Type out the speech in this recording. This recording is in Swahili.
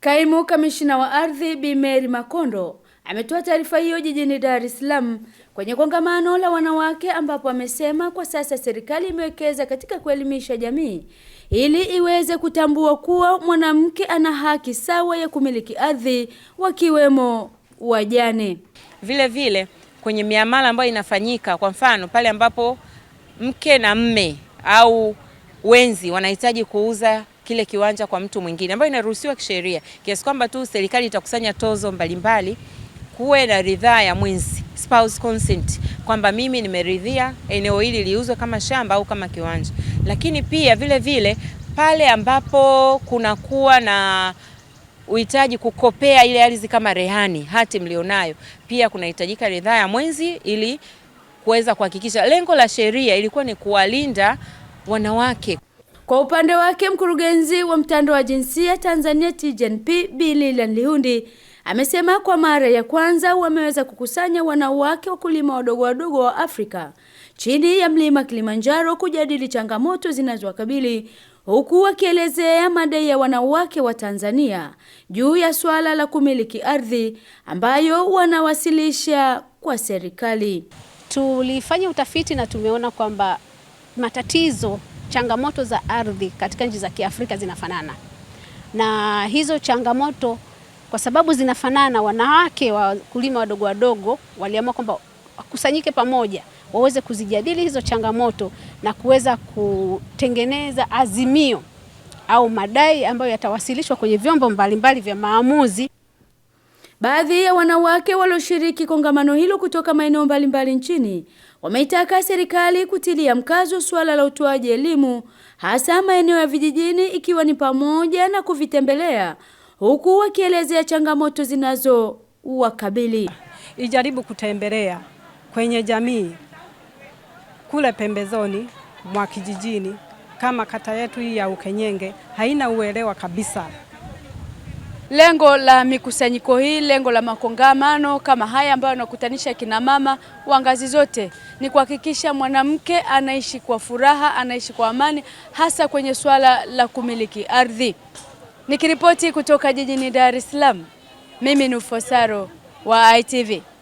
Kaimu kamishina wa ardhi Bi Mary Makondo ametoa taarifa hiyo jijini Dar es Salaam kwenye kongamano la wanawake, ambapo amesema kwa sasa serikali imewekeza katika kuelimisha jamii ili iweze kutambua kuwa mwanamke ana haki sawa ya kumiliki ardhi, wakiwemo wajane. Vile vile kwenye miamala ambayo inafanyika, kwa mfano pale ambapo mke na mme au wenzi wanahitaji kuuza kile kiwanja kwa mtu mwingine, ambayo inaruhusiwa kisheria, kiasi kwamba tu serikali itakusanya tozo mbalimbali, kuwe na ridhaa ya mwinzi, spouse consent, kwamba mimi nimeridhia eneo hili liuzwe kama shamba au kama kiwanja. Lakini pia vile vile pale ambapo kunakuwa na uhitaji kukopea ile ardhi kama rehani, hati mlionayo, pia kunahitajika ridhaa ya mwenzi ili kuweza kuhakikisha. Lengo la sheria ilikuwa ni kuwalinda wanawake. Kwa upande wake mkurugenzi wa mtandao wa jinsia Tanzania TGNP Bi Lihundi amesema kwa mara ya kwanza wameweza kukusanya wanawake wakulima wadogo wadogo wa Afrika chini ya mlima Kilimanjaro kujadili changamoto zinazowakabili huku wakielezea madai ya wanawake wa Tanzania juu ya swala la kumiliki ardhi ambayo wanawasilisha kwa serikali. Tulifanya utafiti na tumeona kwamba matatizo changamoto za ardhi katika nchi za Kiafrika zinafanana, na hizo changamoto kwa sababu zinafanana, wanawake wakulima wadogo wadogo waliamua kwamba wakusanyike pamoja waweze kuzijadili hizo changamoto na kuweza kutengeneza azimio au madai ambayo yatawasilishwa kwenye vyombo mbalimbali mbali vya maamuzi. Baadhi ya wanawake walioshiriki kongamano hilo kutoka maeneo mbalimbali nchini wameitaka serikali kutilia mkazo suala la utoaji elimu hasa maeneo ya vijijini ikiwa ni pamoja na kuvitembelea huku wakielezea changamoto zinazo wakabili. Ijaribu kutembelea kwenye jamii kule pembezoni mwa kijijini kama kata yetu hii ya Ukenyenge haina uelewa kabisa Lengo la mikusanyiko hii, lengo la makongamano kama haya ambayo yanakutanisha kina mama wa ngazi zote ni kuhakikisha mwanamke anaishi kwa furaha, anaishi kwa amani, hasa kwenye suala la kumiliki ardhi. Nikiripoti kutoka jijini Dar es Salaam, mimi ni Ufosaro wa ITV.